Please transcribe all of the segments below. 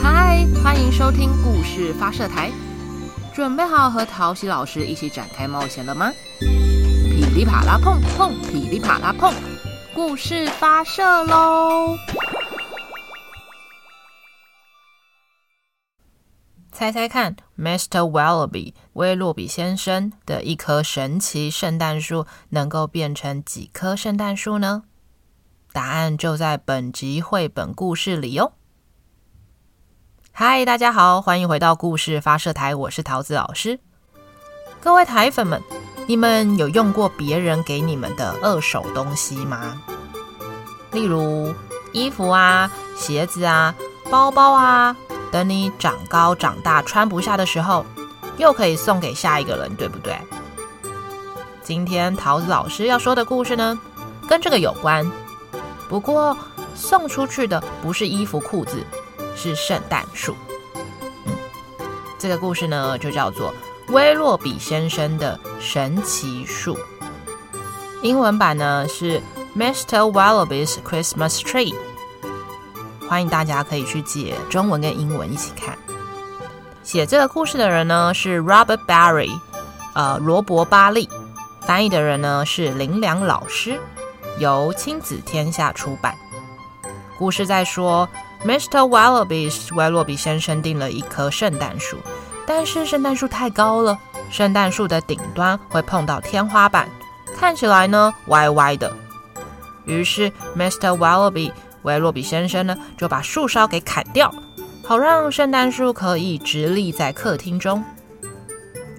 嗨，歡迎收聽故事發射台，準備好和陶西老師一起展開冒險了嗎？噼裡啪啦碰碰，噼裡啪啦碰，故事發射嘍！猜猜看，Mr. Willowby 威洛比先生的一棵神奇聖誕樹能夠變成幾棵聖誕樹呢？答案就在本集繪本故事裡哦。嗨，大家好，歡迎回到故事發射台，我是桃子老師。各位台粉們，你們有用過別人給你們的二手東西嗎？例如衣服啊、鞋子啊、包包啊，等你長高長大穿不下的時候，又可以送給下一個人，對不對？今天桃子老師要說的故事呢，跟這個有關，不過送出去的不是衣服褲子。是聖誕樹。這個故事呢，就叫做《威洛比先生，生的神奇樹》。英文版呢是《Mr. Willowby's Christmas Tree》。歡迎大家可以去解中文跟英文一起看。寫這個故事的人呢是 Robert Barry，呃，羅伯·巴利。翻譯的人呢是林良老師，由親子天下出版。故事在說。Mr. Willowby，威洛比先生訂了一棵聖誕樹，但是聖誕樹太高了，聖誕樹的頂端會碰到天花板，看起來呢歪歪的。於是，Mr. Willowby，威洛比先生呢就把樹梢給砍掉，好讓聖誕樹可以直立在客廳中。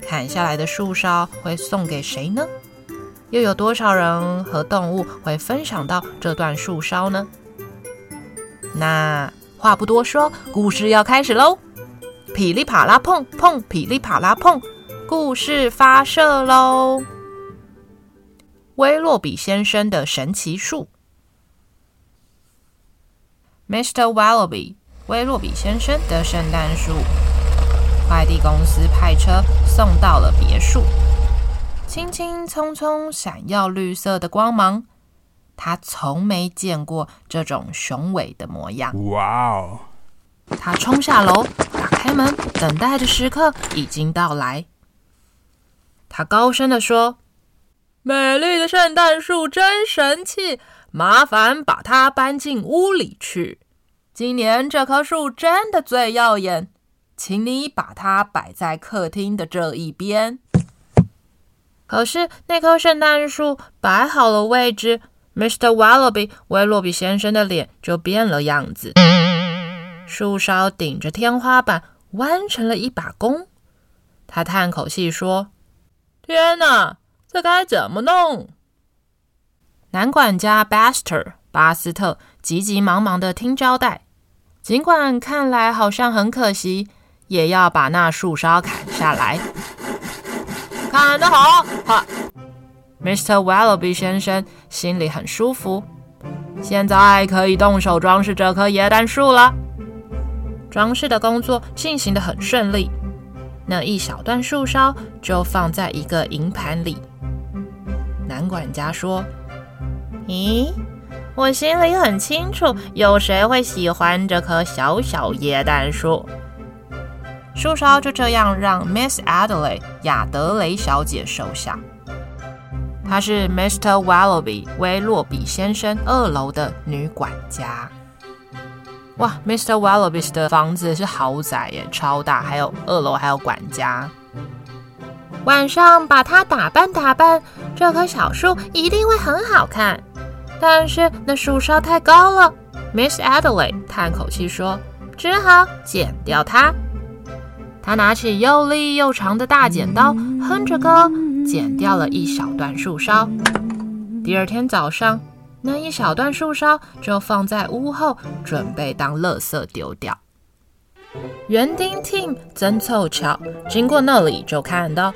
砍下來的樹梢會送給誰呢？又有多少人和動物會分享到這段樹梢呢？那話不多說，故事要開始嘍！噼里啪啦碰碰，噼里啪啦碰，故事發射嘍！威洛比先生的神奇樹，Mr. Willowby，威洛比先生的聖誕樹，快遞公司派車送到了別墅，輕輕鬆鬆，閃耀綠色的光芒。他從沒見過這種雄偉的模樣。哇、wow、哦！他衝下樓，打開門，等待的時刻已經到來。他高聲的說：“美麗的聖誕樹真神氣，麻煩把它搬進屋裡去。今年這棵樹真的最耀眼，請你把它擺在客廳的這一邊。”可是那棵聖誕樹擺好了位置。Mr. Willowby，威洛比先生的臉就變了樣子。樹梢頂着天花板，彎成了一把弓。他嘆口氣說：“天哪，這該怎麼弄？”男管家 Baxter 巴斯特急急忙忙地聽招待，儘管看來好像很可惜，也要把那樹梢砍下來。砍得好，哈！Mr. Willowby 先生心裡很舒服，現在可以動手裝飾這棵耶誕樹了。裝飾的工作進行得很順利，那一小段樹梢就放在一個銀盤裡。男管家說：“咦、欸，我心裡很清楚，有誰會喜歡這棵小小耶誕樹？”樹梢就這樣讓 Miss Adelaide 亞德雷小姐收下。她是 Mr. Willowby 威洛比先生二樓的女管家。哇，Mr. Willowby 的房子是豪宅耶，超大，還有二樓，還有管家。晚上把它打扮打扮，這棵小樹一定會很好看。但是那樹梢太高了，Miss Adelaide 咳嘆口氣說：“只好剪掉它。”她拿起又利又長的大剪刀，哼着歌。剪掉了一小段樹梢，第二天早上，那一小段樹梢就放在屋後，準備當垃圾丟掉。園丁 Tim 真湊巧，經過那裡就看到，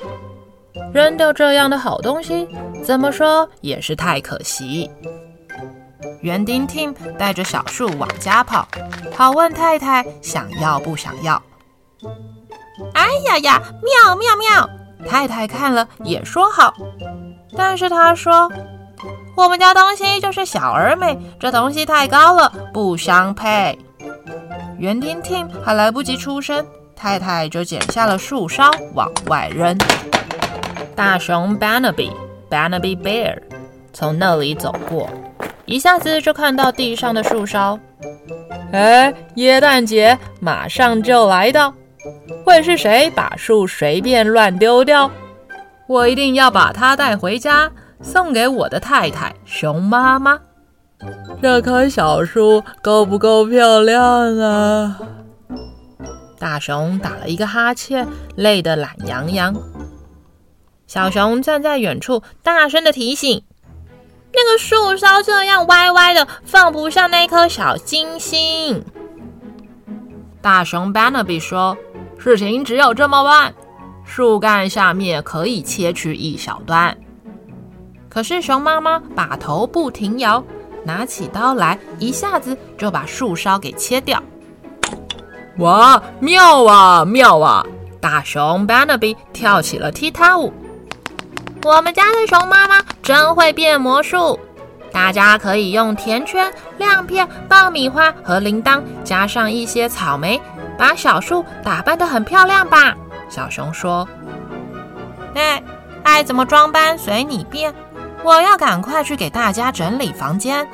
扔掉這樣的好東西，怎麼說也是太可惜。園丁 Tim 帶着小樹往家跑，跑問太太想要不想要。哎呀呀，喵喵喵！太太看了也說好，但是她說：“我們家東西就是小而美，這東西太高了，不相配。”袁婷婷還來不及出聲，太太就剪下了樹梢往外扔。大熊 Bannaby，Bannaby Bear 從那裡走過，一下子就看到地上的樹梢。哎，耶誕節馬上就來到。會是誰把樹隨便亂丟掉？我一定要把它帶回家，送給我的太太熊媽媽。這棵小樹夠不夠漂亮啊？大熊打了一個哈欠，累得懶洋洋。小熊站在遠處，大聲的提醒：“那個樹梢這樣歪歪的，放不上那顆小星星。”大熊班納比說：“事情只有這麼辦，樹幹下面可以切去一小段。”可是熊媽媽把頭不停搖，拿起刀來，一下子就把樹梢給切掉。哇，妙啊，妙啊！大熊班納比跳起了踢踏舞。我們家的熊媽媽真會變魔術。大家可以用甜圈、亮片、爆米花和鈴鐺，加上一些草莓，把小樹打扮得很漂亮吧。小熊說：“哎、欸，愛怎麼裝扮隨你便。我要趕快去給大家整理房間。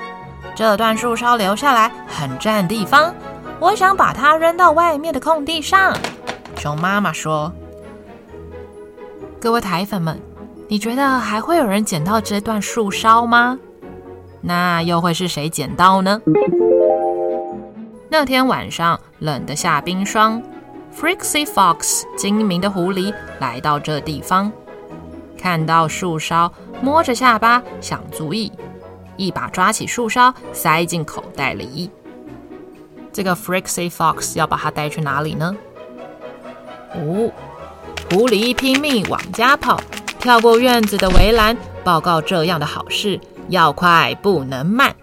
這段樹梢留下來很占地方，我想把它扔到外面的空地上。”熊媽媽說：“各位台粉們，你覺得還會有人撿到這段樹梢嗎？”那又會是誰撿到呢？那天晚上冷得下冰霜，Frisky Fox 精明的狐狸來到這地方，看到樹梢，摸着下巴想主意，一把抓起樹梢塞進口袋裡。這個 Frisky Fox 要把它帶去哪裡呢？哦，狐狸拼命往家跑，跳過院子的圍欄。報告這樣的好事要快，不能慢。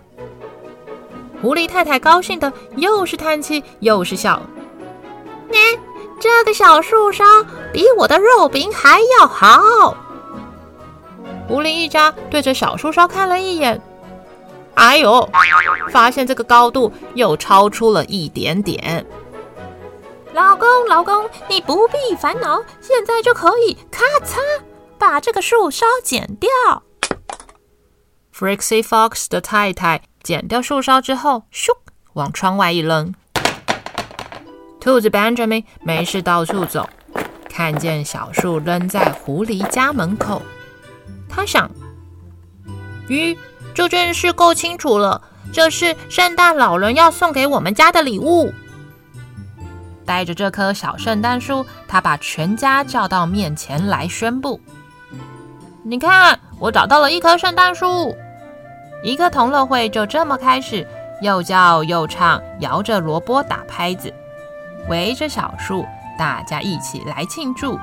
狐狸太太高興的又是嘆氣又是笑。你這個小樹梢比我的肉餅還要好。狐狸一家對着小樹梢看了一眼，哎呦，發現這個高度又超出了一點點。老公，老公，你不必煩惱，現在就可以，咔嚓。把這個樹梢剪掉。Frisky Fox 的太太剪掉樹梢之後，咻，往窗外一扔。兔子 Benjamin 沒事到處走，看見小樹扔在狐狸家門口，他想：咦，這件事夠清楚了，這是聖誕老人要送給我們家的禮物。帶着這棵小聖誕樹，他把全家叫到面前來宣布。你看，我找到了一棵聖誕樹，一個同樂會就這麼開始，又叫又唱，搖着蘿蔔打拍子，圍着小樹，大家一起來慶祝，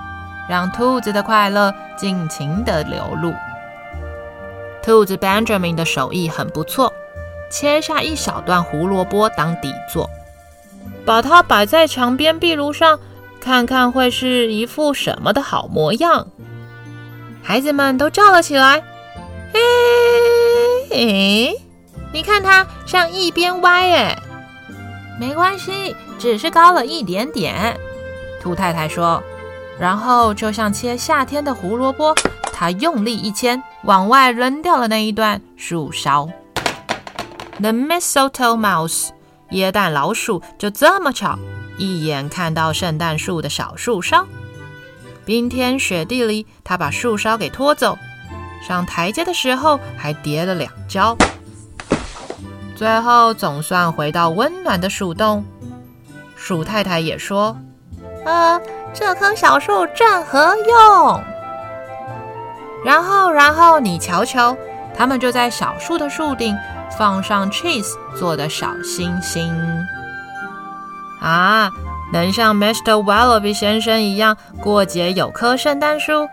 讓兔子的快樂盡情地流露。兔子 Benjamin 的手藝很不錯，切下一小段胡蘿蔔當底座，把它擺在牆邊壁爐上，看看會是一副什麼的好模樣。孩子們都叫了起來：“嘿，哎，你看它向一邊歪耶！沒關係，只是高了一點點。”兔太太說。然後就像切夏天的胡蘿蔔，它用力一牽，往外扔掉了那一段樹梢。The mistletoe mouse，耶誕老鼠，就這麼巧，一眼看到聖誕樹的小樹梢。冰天雪地裡，他把樹梢給拖走，上台階的時候還跌了兩跤，最後總算回到溫暖的鼠洞。鼠太太也說：“啊、呃，這棵小樹正合用。”然後，然後你瞧瞧，他們就在小樹的樹頂放上 cheese 做的小星星。啊！能像 Mr. Willowby 先生一樣過節有棵聖誕樹，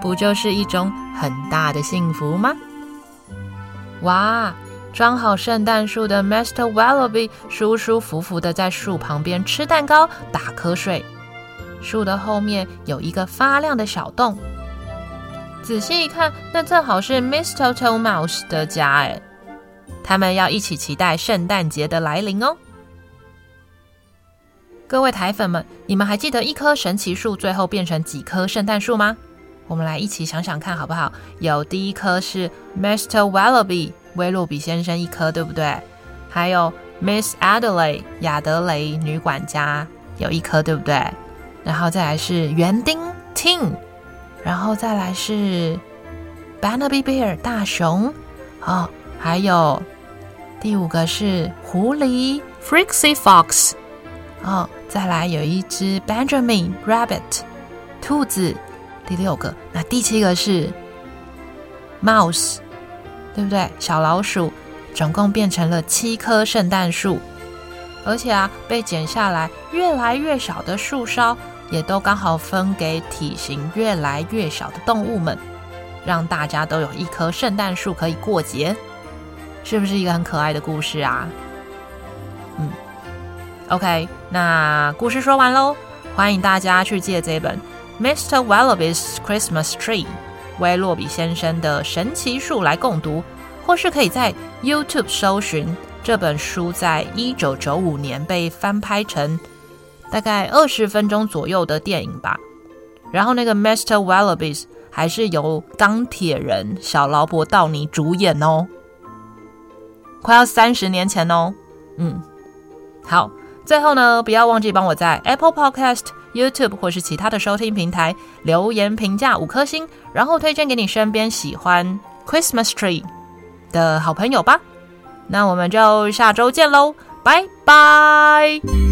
不就是一種很大的幸福嗎？哇！裝好聖誕樹的 Mr. Willowby 舒舒服服的在樹旁邊吃蛋糕、打瞌睡。樹的後面有一個發亮的小洞，仔細一看，那正好是 Mr. Tomouse 的家。哎，他們要一起期待聖誕節的來臨哦、喔。各位台粉們，你們還記得一棵神奇樹最後變成幾棵聖誕樹嗎？我們來一起想想看好不好？有第一棵是 Mr. Willowby 威洛比先生一棵，對不對？還有 Miss Adelaide 雅德雷女管家有一棵，對不對？然後再來是園丁 Tim，然後再來是 Banaby Bear 大熊哦，還有第五個是狐狸 Frixie Fox 哦。再來有一只 Benjamin Rabbit，兔子，第六個。那第七個是 Mouse，對不對？小老鼠。總共變成了七棵聖誕樹，而且啊，被剪下來越來越小的樹梢，也都剛好分給體型越來越小的動物們，讓大家都有一棵聖誕樹可以過節，是不是一個很可愛的故事啊？嗯。OK，那故事說完嘍，歡迎大家去借這本《Mr. Willowby's Christmas Tree》威洛比先生的神奇樹來共讀，或是可以在 YouTube 搜尋這本書，在一九九五年被翻拍成大概二十分鐘左右的電影吧。然後那個 Mr. Willowby 還是由鋼鐵人小勞勃道尼主演哦，快要三十年前哦，嗯，好。最後呢，不要忘記幫我在 Apple Podcast、YouTube 或是其他的收聽平台留言評價五顆星，然後推薦給你身邊喜歡 Christmas Tree 的好朋友吧。那我們就下週見嘍，拜拜。